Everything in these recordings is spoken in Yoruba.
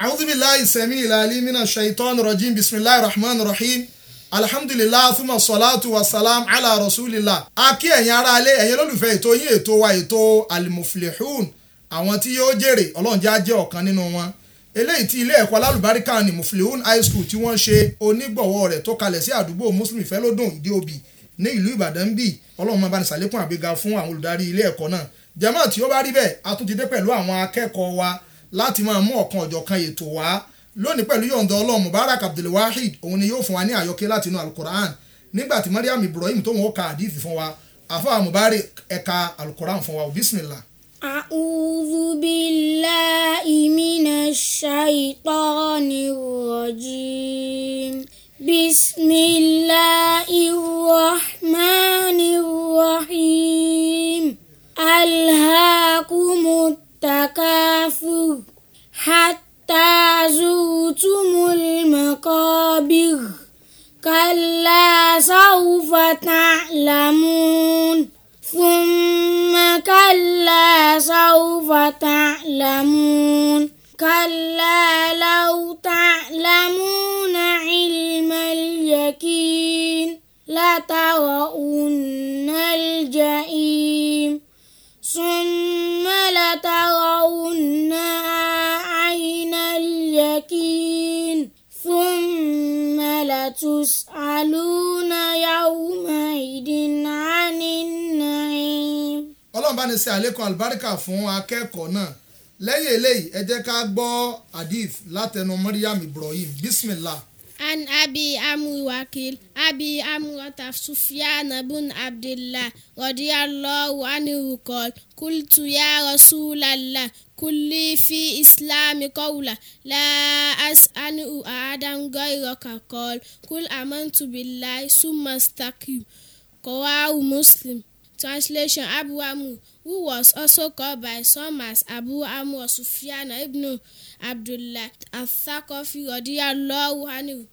أعوذ بالله السميع العليم من الشيطان الرجيم بسم الله الرحمن الرحيم alhamdulilah fúnmọ sọláàtù wasalam ala rasulillah a kí ẹ̀yin ará alẹ́ ẹ̀yin olólùfẹ́ ètò yín ètò wa ètò alimuflihun àwọn tí yóò jèrè ọlọ́run já jẹ́ ọ̀kan nínú wọn eléyìí tí ilé ẹ̀kọ́ alálùbáríkà ní muflihun high school tí wọ́n ṣe onígbọ̀wọ́ rẹ̀ tó kalẹ̀ sí àdúgbò muslim ìfẹ́lódùn ìdí òbí ní ìlú ìbàdàn bí ọlọ́run máa bá ní sàlékún àgbéga fún àwọn olùdarí ilé ẹ̀kọ́ náà jàmáà tí ó bá rí bẹ́ẹ̀ a tún ti dé pẹ̀lú àwọn akẹ́kọ̀ọ́ wa láti máa mú ọ̀kan ọ̀jọ̀kan ètò wá lónìí pẹ̀lú yọ̀ǹda ọlọ́run mubarak abdulwahid òun ni yóò fún wa ní àyọkẹ́ láti inú alukoran nígbà tí mariam ibrahim tó wọn ka àdìsí fún wa àfọwà mubarak ẹ̀ka alukoran fún wa bismillah. a'udhu billahi minash shaitanir rajim bismillahir rahmanir rahim. كلا سوف تعلمون ثم كلا سوف تعلمون كلا لو تعلمون علم اليقين لترؤون تسألون يومئذ عن النعيم ọlọ́run bá ní ṣe àlékún àlùbáríkà fún akẹ́kọ̀ọ́ náà lẹ́yìn eléyìí ẹ jẹ́ ká gbọ́ hadith látẹnu Maryam Ibrahim bismillah. عن أبي عمرو وكيل أبي عمرو سفيان بن عبد الله رضي الله عنه قال قلت يا رسول الله كل في إسلام قولا لا أسأل أحدا غيرك قال قل آمنت بالله ثم استقم قواه مسلم Translation Abu Amr, who was also called by some as Abu Amr or Sufyan ibn Abdullah al-Thaqafi radiyallahu anhu,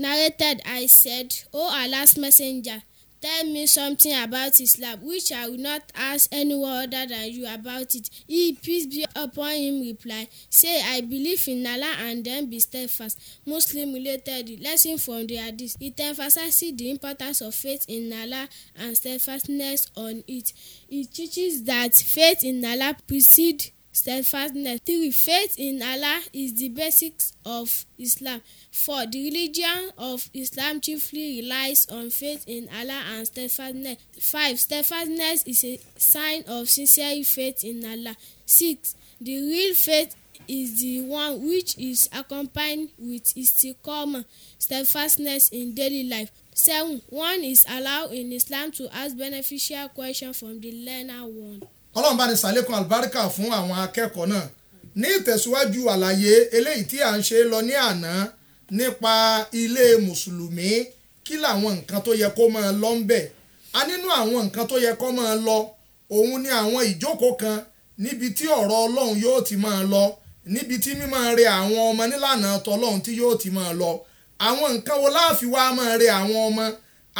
narrated, I said, O Allah's Messenger, Tell me something about Islam, which I will not ask anyone other than you about it. He, peace be upon him, Reply: Say, I believe in Allah and then be steadfast. Muslim related lesson from the Hadith. It emphasizes the importance of faith in Allah and steadfastness on it. It teaches that faith in Allah precedes steadfastness. 3. Faith in Allah is the basics of Islam. 4. The religion of Islam chiefly relies on faith in Allah and steadfastness. Five. Steadfastness is a sign of sincere faith in Allah. Six. The real faith is the one which is accompanied with istiqamah, steadfastness in daily life. Seven. One is allowed in Islam to ask beneficial questions from the learner one ọlọ́run bá ní sàlékún àlùbáríkà fún àwọn akẹ́kọ̀ọ́ náà ní ìtẹ̀síwájú àlàyé eléyìí tí à ń ṣe lọ ní àná nípa ilé mùsùlùmí kí làwọn nǹkan tó yẹ kó máa lọ ń bẹ̀ a nínú àwọn nǹkan tó yẹ kó máa lọ òun ni àwọn ìjókòó kan níbi tí ọ̀rọ̀ ọlọ́run yóò ti máa lọ níbi tí mímọ́ re àwọn ọmọ nílànà tọlọ́run tí yóò ti máa lọ àwọn nǹkan wo láàfin wa máa re àwọn ọmọ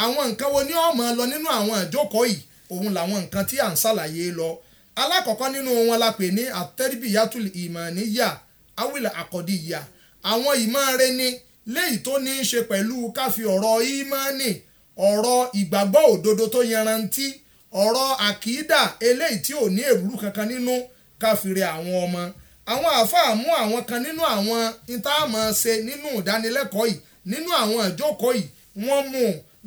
àwọn nǹkan wo ni ó máa lọ nínú àwọn ìjókòó yìí òun làwọn nǹkan tí à ń ṣàlàyé lọ alákọ̀ọ́kọ́ nínú wọn la pè ní àtẹ́rìbìyàtùl ìmánìyà awìlà àkọ́dìyà àwọn ìmọ̀ rẹ ni léyìí tó ní í ṣe pẹ̀lú káfí ọ̀rọ̀ ìmánì ọ̀rọ̀ ìgbàgbọ́ òdodo tó yanrantí ọ̀rọ̀ àkìdá eléyìí tí ò ní èrú kankan nínú káfíre àwọn ọmọ àwọn àáfàá mú àwọn kan nínú àwọn ìtààmọ̀ ṣe nínú ìdánilẹ́kọ̀ọ́ yìí nínú àwọn ìjókòó yìí wọ́n mú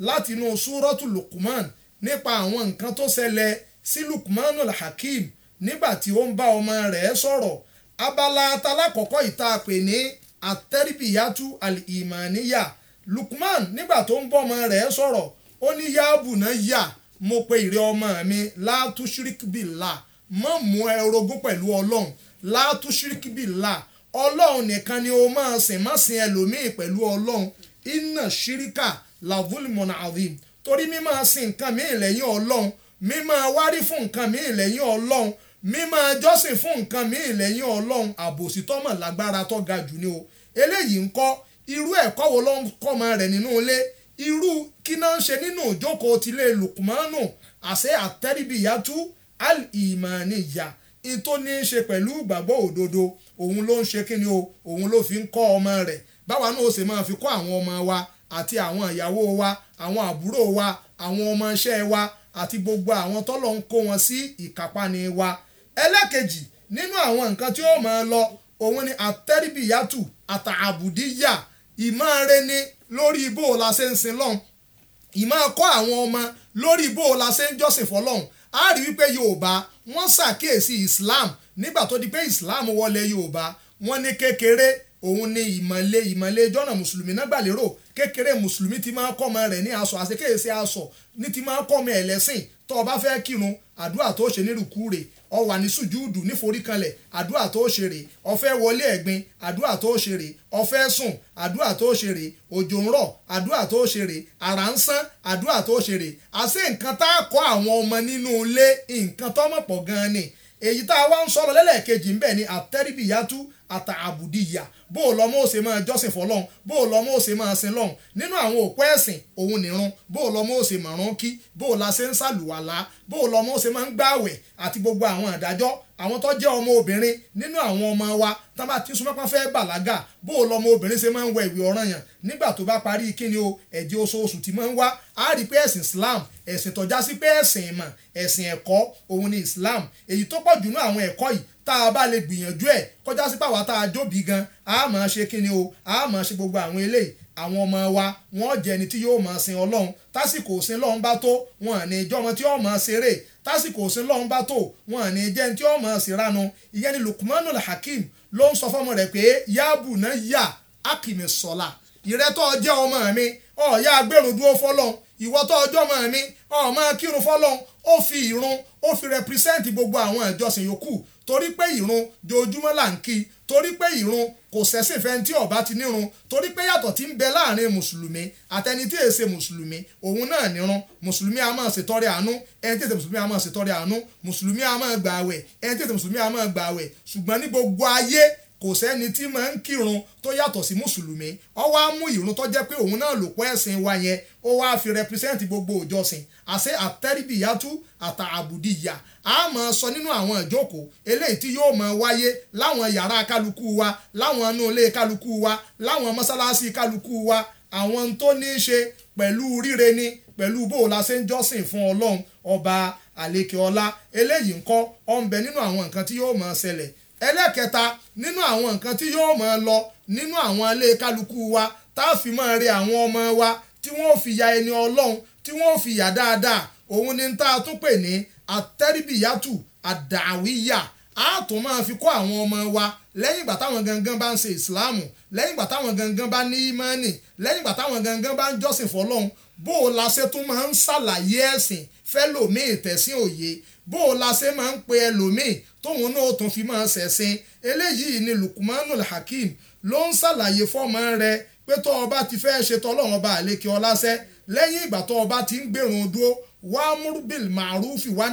látinú súrọ́tù Luqman nípa àwọn nǹkan tó ṣẹlẹ̀ sí Lukman al-Hakim nígbà tí ó ń bá ọmọ rẹ̀ sọ̀rọ̀ abala atalákọ̀ọ́kọ́ ìta pè ní atẹ́rìbìyàtú al-imaniya Lukman nígbà tó ń bọ́mọ rẹ̀ sọ̀rọ̀ ó ní yáàbù náà yà mo pe ìrẹ́ ọmọ mi látúṣíríkìbìlà mọ́ mú ẹrogún pẹ̀lú ọlọ́run látúṣíríkìbìlà ọlọ́run nìkan ni o máa sìn má sìn ẹlòmíì pẹ̀lú ọlọ́run iná ṣíríkà làvúlìmọ̀nà àdìm torí mímọ́ sìn nǹkan mìíràn lẹ́yìn ọlọ́run mímọ́ wárí fún nǹkan míì lẹ́yìn ọlọ́run mímọ́ jọ́sìn fún nǹkan míì lẹ́yìn ọlọ́run àbòsí tọ́mọ̀ lágbára tó ga jù ni o eléyìí ń kọ́ irú ẹ̀kọ́ wo ló ń kọ́mọ rẹ̀ nínú ilé irú kí náà ń ṣe nínú ìjókòó tilé lukumanu àṣẹ àtẹ́ríbìyàtú al-imaniya in tó ní í ṣe pẹ̀lú ìgbàgbọ́ òdodo òun ló ń ṣe kíni o òun ló fi ń kọ́ ọmọ rẹ̀ báwa náà ó sì máa fi kọ́ àwọn ọmọ wa àti àwọn ìyàwó wa àwọn àbúrò wa àwọn ọmọ wa àti gbogbo àwọn tọ́lọ̀ ń kó wọn sí ìkápáni wa ẹlẹ́kejì nínú àwọn nǹkan tí ó máa lọ òun ni àtẹ́rìbìyàtù àtàbùdíyà ìmọ̀ọ́rẹ́ ni lórí bó o la ṣe ń sin lọ́hùn ìmọ̀ kọ́ àwọn ọmọ lórí bó o la ṣe ń jọ́sìn fọlọ́hùn á rí wípé yorùbá wọ́n ṣàkíyèsí islam nígbà tó di pé islam wọlé yorùbá wọ́n ní kékeré òun ni ìmọ̀le ìmọ̀le jọ́nà mùsùlùmí náà gbàlérò kékeré mùsùlùmí ti máa kọ́ ọmọ rẹ̀ ní aṣọ àṣekéyèsí aṣọ ní ti máa kọ́ ọmọ ẹ̀ lẹ́sìn tó o bá fẹ́ kírun àdúrà tó ṣe nírùkú rè ọ wà ní sùjúùdù níforíkanlẹ̀ àdúrà tó ṣe rè ọ fẹ́ wọlé ẹ̀gbin àdúrà tó ṣe rè ọ fẹ́ sùn àdúrà tó ṣe rè òjò ń rọ̀ àdúrà tó ṣe rè àrà ń sán àdúrà tó ṣe rè àṣé nǹkan tá a kọ́ àwọn ọmọ nínú ilé nǹkan tọ́mọ̀pọ̀ gan-an ni èyí tá a wá ń sọ̀rọ̀ lẹ́lẹ́kejì ń bẹ̀ ni àtẹ́rìbìyàtú àtà àbùdíyà bó o lọ́mọ ó ṣe máa jọ́sìn fọlọ́hún bó o lọ́mọ ó ṣe máa sin lọ́hún nínú àwọn òpó ẹ̀sìn òun nìrun bó o lọ́mọ ó ṣe kí bó la ṣe ń ṣàlùwàlá bó o lọ́mọ ó ṣe máa ń gbààwẹ̀ àti gbogbo àwọn àdájọ́ àwọn tó jẹ́ ọmọ obìnrin nínú àwọn ọmọ wa tá bá ti súnmọ́ pọ́n fẹ́ bàlágà bó o lọ́mọ obìnrin ṣe máa ń wẹ ìwé ọ̀ràn yàn nígbà tó bá parí kíni o ẹ̀jẹ̀ oṣooṣù ti máa ń wá a rí pé ẹ̀sìn Islam ẹ̀sìn tó já sí pé ẹ̀sìn ìmọ̀ ẹ̀sìn ẹ̀kọ́ òun ni Islam èyí tó pọ̀ jù nú àwọn ẹ̀kọ́ yìí tá a bá lè gbìyànjú ẹ̀ kọjá sí pàwọ́ tá a jóbi gan a máa ṣe kíni o a máa ṣe gbogbo àwọn eléyìí àwọn ọmọ wa wọ́n jẹ́ ẹni tí yóò máa sin ọlọ́run tásìkò sin lọ́run bá tó wọn ní ìjọ ọmọ tí yóò máa ṣeré tásìkò sin lọ́run bá tó wọn ní jẹ́ ẹni tí yóò máa ṣèrànù ìyẹn ni Lukmanul Hakim ló ń sọ fọmọ rẹ̀ pé yaabu náà yà akimi sọlá ìrẹ́tọ́ jẹ́ ọmọ mi ọ̀ọ́yá agbèrò dúró fọlọ́run ìwọ tó ọjọ́ ọmọ mi ọmọ kírun fọlọ́run ó fi ìrun ó fi rẹpírísẹ́ǹtì gbogbo àwọn ìjọsìn yòókù torí pé ìrun dojúmọ́ là ń kí torí pé ìrun kò sẹ́sìn fẹ́ni tí ọba ti nírun torí pé yàtọ̀ tí ń bẹ láàrin mùsùlùmí àtẹni tí èsè mùsùlùmí òun náà nírun mùsùlùmí a máa ṣètọrẹ àánú ẹni tí èsè mùsùlùmí a máa ṣètọrẹ àánú mùsùlùmí a máa gbààwẹ̀ ẹni tí èsè mùsùlùmí a máa gbààwẹ̀ ṣùgbọ́n ní gbogbo ayé kò sẹ́ni tí máa ń kírun tó yàtọ̀ sí mùsùlùmí ó wá mú ìrun tó jẹ́ pé òun náà lò pọ̀ ẹ̀sìn wa yẹn ó wá fi rẹpísẹ́ǹtì gbogbo ìjọsìn àṣẹ àtẹ́rìbìyàtú àtà àbùdíyà a máa sọ nínú àwọn ìjókòó eléyìí tí yóò máa wáyé láwọn yàrá kálukú wa láwọn inú ilé kálukú wa láwọn mọ́sálásí kálukú wa àwọn tó ní í ṣe pẹ̀lú ríre ni pẹ̀lú bó o la ṣe ń jọ́sìn fún ọlọ́run ọba àlekè eléyìí ńkọ́ ó ń bẹ nínú àwọn nǹkan tí yóò máa ṣẹlẹ̀ ẹlẹ́kẹta nínú àwọn nǹkan tí yóò máa lọ nínú àwọn ilé kálukú wa tá a fi máa rí àwọn ọmọ wa tí wọ́n fi ya ẹni ọlọ́run tí wọ́n fi yà dáadáa òun ni tá a tún pè ní àtẹ́rìbìyàtù àdàwíyà a tún máa fi kọ́ àwọn ọmọ wa lẹ́yìn ìgbà táwọn gangan bá ń ṣe ìsìláàmù lẹ́yìn ìgbà táwọn gangan bá ní ìmánì lẹ́yìn ìgbà táwọn gangan bá ń jọ́sìn fọlọ́run bó o la ṣe tún máa ń ṣàlàyé ẹ̀sìn fẹ́lòmíì tẹ̀sìn òye bó o la ṣe máa ń pe ẹlòmíì tóun náà tún fi máa ṣẹ̀sìn eléyìí ni Lukmanul Hakim ló ń ṣàlàyé fọ́mọ rẹ̀ pé tó o bá ti fẹ́ ṣe tọ́lọ́run ọba àlékè ọláṣẹ́ lẹ́yìn ìgbà tó o bá ti ń gbèrún dúró wá múrúbìl màrúfì wá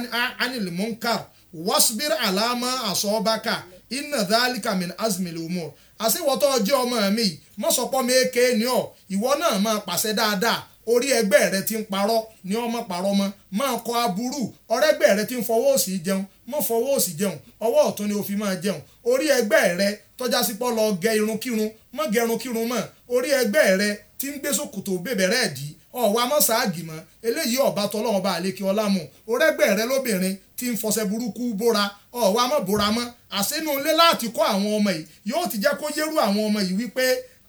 ánìlìmọ́nkàr wọ́sibírí àlámọ́ àsọ̀ọ́bákà iná dálíkà min azmil umur àṣìwọ́tọ́ ọjọ́ ọmọ mi mọ́sọ̀pọ́ mi èké ni ọ́ ìwọ náà máa pàṣẹ dáadáa orí ẹgbẹ́ rẹ ti ń parọ́ ni ọmọ parọ́ mọ́ máa kọ aburú ọ̀rẹ́gbẹ́ rẹ ti ń fọwọ́ òsì jẹun mọ́ fọwọ́ òsì jẹun ọwọ́ ọ̀tún ni o fi máa jẹun orí ẹgbẹ́ rẹ tọ́já sí pọ́ lọ gẹ irun kírun mọ́ gẹ irun kírun mọ́ orí ẹgbẹ́ rẹ ti ń gbé sòkòtò bèbè rẹ̀ dì í ọ̀wá mọ́sáàgì mọ́ eléyìí ọ̀bá tọ́lọ́wọ́n bá àlékè ọlá mu ọ̀rẹ́gbẹ́ rẹ lóbìnrin ti ń fọṣẹ burúkú bóra ọ̀wá mọ́ bóra mọ́ àṣẹnu ńlẹ́ láti kọ́ àwọn ọmọ yìí yóò ti jẹ́ kó yẹ́rù àwọn ọmọ yìí wípé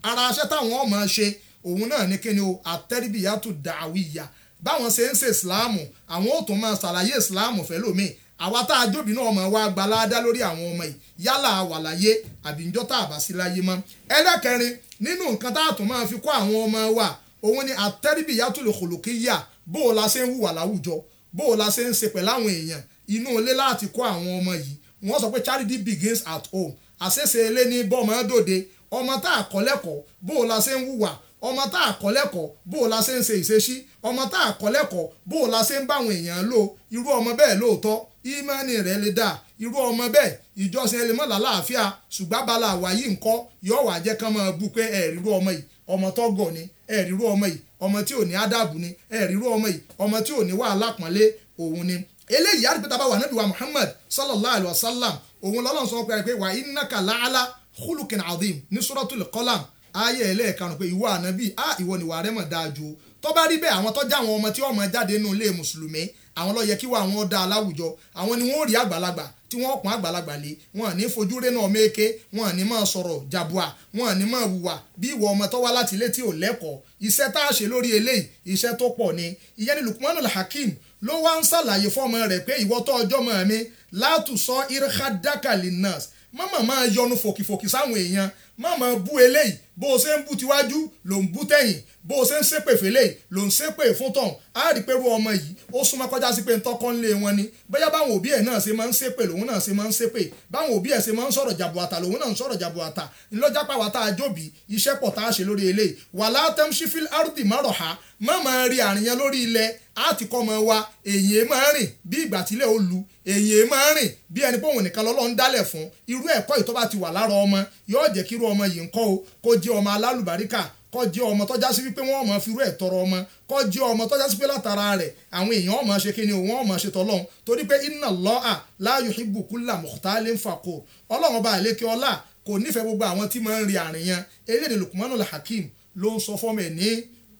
ara aṣẹ́ táwọn ọmọ ṣe òun náà ní kíni o àtẹ́rìbìyàtù dàwíyà báwọn ṣe ń ṣe ìsìláàmù àwọn ò tún máa ṣàlàyé ìsìláàmù fẹ́ lómi àwa tá a jóbi náà máa wá gbaládá lórí àwọn ọmọ yìí yálà wà láyé àbí tá a bá sí láyé mọ́ ẹlẹ́kẹrin nínú nǹkan tá a tún máa fi kọ́ àwọn ọmọ wa òun ni àtẹ́rìbìyàtù lòkòlòkìyà bó o la ṣe ń hùwà láwùjọ bó o la ṣe ń ṣe pẹ̀lú àwọn èèyàn inú ilé láti kọ́ àwọn ọmọ yìí wọ́n sọ pé charity begins at home àṣẹṣe ilé ní bọ́ọ̀mọ́ dòde ọmọ tá a kọ́ lẹ́kọ̀ọ́ bó o la ṣe ń hùwà ọmọ tá a kọ́ lẹ́kọ̀ọ́ bó o la ṣe ń ṣe ìṣesí ọmọ tá a kọ́ lẹ́kọ̀ọ́ bó o la ṣe ń báwọn èèyàn lò irú ọmọ bẹ́ẹ̀ lóòótọ́ ìmọ̀ọ́nì rẹ̀ lè dà irú ọmọ bẹ́ẹ̀ ìjọsìn ẹlẹ́mọ̀ làlàáfíà ṣùgbọ́n abala àwáyé ńkọ́ yọ wà jẹ́ kán máa bú pé ẹ̀rí irú ọmọ yìí ọmọ tọ́gọ̀ ni ẹ̀rí irú ọmọ yìí ọmọ tí ò ní ádàbù ni ẹ̀rí irú ọmọ yìí ọmọ tí ò ní wàhálà pọ̀nlé òun ni eléyìí àdìpẹ́tà bá wà níbi wa Muhammad sallallahu alayhi wa sallam òun lọ́lọ́run ayé ẹlẹ́ẹ̀karùn pé ìwọ ànábì á ìwọ nìwà rẹ mọ̀ dáa ju tó bá rí bẹ́ẹ̀ àwọn tọ́jà àwọn ọmọ tí wọ́n mọ jáde nínú ilé mùsùlùmí àwọn ló yẹ kí wà wọn dá aláwùjọ àwọn ni wọ́n rí àgbàlagbà tí wọ́n pọ́n àgbàlagbà lé wọn ní fojú rénà ọmọ èké wọn ní máa sọ̀rọ̀ jàbùà wọn ní máa hùwà bí ìwọ ọmọ tó wá láti ilé tí ò lẹ́kọ̀ọ́ iṣẹ́ tá a ṣe lórí eléyìí iṣẹ́ tó pọ̀ ni ìyẹn ni Lukmanul Hakim ló wá ń ṣàlàyé fọ́mọ rẹ̀ pé ìwọ tó ọjọ́ mọ́ mi látùsọ irhadakalinas mọ́mọ́ máa yọnu fòkìfòkì sáwọn èèyàn mọ́mọ́ bú eléyìí bó o ṣe ń bú tiwájú ló ń bú tẹ̀yìn bó o ṣe ń ṣépè fèlè ló ń ṣépè fún tọ̀hún á rí i pé ru ọmọ yìí ó súnmọ́ kọjá sí pé ntọ́kọ́ ńlé wọn ni bóyá báwọn òbí ẹ̀ náà ṣe máa ń ṣépè lòun náà ṣe máa ń ṣépè báwọn òbí ẹ̀ ṣe máa ń sọ̀rọ̀ jàbù àtà lòun náà ń sọ̀rọ̀ jàbù àtà ńlọ́jápá wa tá a jóbi iṣẹ́ pọ̀ tá a ṣe lórí eléyìí wàlá tẹ́mṣífìl árùtì márọ̀ ha má máa rí àríyàn lórí ilẹ̀ á ti kọ́ ọmọ wa èyí máa rìn bí ìgbà tílẹ̀ ó lu èyí máa rìn bí ẹni pé òun nìkan lọ́lọ́ ń dálẹ̀ fún irú ẹ̀kọ́ ìtọ́ ti wà lára ọmọ yóò jẹ́ kí irú ọmọ yìí ń kọ́ o kò jẹ́ ọmọ alálùbáríkà kọ́ jẹ́ ọmọ tọ́já sí wípé wọ́n ọmọ firú ẹ̀ tọrọ ọmọ kọ́ jẹ́ ọmọ tọ́já sí pé látara rẹ̀ àwọn èèyàn ọmọ ṣe kí ni wọ́n ọmọ ṣe tọ́lọ́hún torí pé inna Allaha la yuhibbu kulla mukhtalin fakur ọlọ́run ọba àlékè ọlá kò nífẹ̀ẹ́ gbogbo àwọn tí máa ń rin àríyàn elédè Luqmanul Hakim ló ń sọ fọ́mọ̀ ẹ̀ ní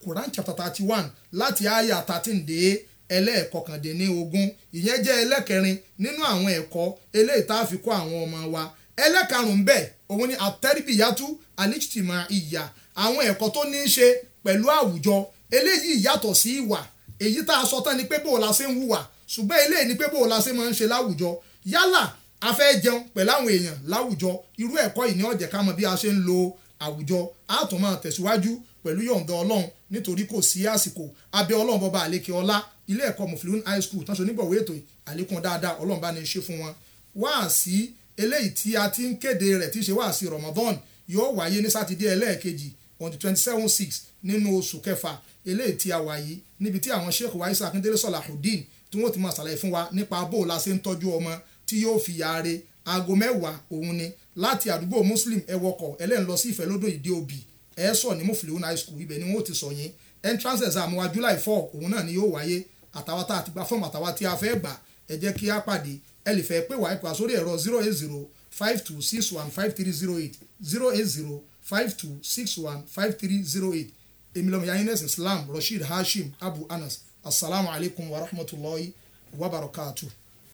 Quran chapter thirty one láti aya thirteen dé ẹlẹ́ẹ̀kọkàndínlógún ìyẹn jẹ́ ẹlẹ́kẹrin nínú àwọn ẹ̀kọ́ eléyìí tá a fi kọ́ àwọn ọmọ wa ẹlẹ́karùn-ún bẹ́ẹ̀ òun ni àtẹ́rìbìyàtú àlìjìtìmọ̀ ìyà àwọn ẹ̀kọ́ tó ní í ṣe pẹ̀lú àwùjọ eléyìí yàtọ̀ sí ìwà èyí tá a sọ tán ni pé bó la ṣe ń hùwà ṣùgbọ́n eléyìí ni pé bó la ṣe máa ń ṣe láwùjọ yálà a fẹ́ jẹun pẹ̀lú àwọn èèyàn láwùjọ irú ẹ̀kọ́ yìí ni ó jẹ́ ká mọ̀ bí a ṣe ń lo àwùjọ a tún máa tẹ̀síwájú pẹ̀lú yọ̀ǹda ọlọ́run nítorí kò sí àsìkò abẹ́ ọlọ́run bọba àlékè ọlá ilé ẹ̀kọ́ mufilun high school tán ṣe oníbọ̀wé ètò àlékún dáadáa ọlọ́run bá ní í ṣe fún wọn wáàsí eléyìí tí a ti ń kéde rẹ̀ tí ṣe wá sí Ramadan yóò wáyé ní sátidé ẹlẹ́ẹ̀kejì on the twenty seven six nínú oṣù kẹfà eléyìí tí a wà yìí níbi tí àwọn Sheikh wa Isa Akindele Salahudeen tí wọ́n ti máa ṣàlàyé fún wa nípa bó la ṣe ń tọ́jú ọmọ tí yóò fi yaare aago mẹ́wàá òun ni láti àdúgbò Muslim ẹ wọkọ̀ ẹlẹ́yìn lọ sí ìfẹ́lódò ìdí òbí ẹ sọ ní Mufilihun high school ibẹ̀ ni wọ́n ti sọ yín entrance exam wa July four òun náà ni yóò wáyé àtàwọn tá a ti fọ́ọ̀mù àtàwọn tí a fẹ́ gbà ẹ jẹ́ kí a pàdé ẹ lè fẹ́ pè wá ẹ pè ẹ̀rọ zero eight zero five two six one five three zero eight zero eight zero five two six one five three zero eight èmi lọ́mọ yahya ines islam rasheed hashim abu anas asalaamualeykum wa rahmatulahi wa barakatuh.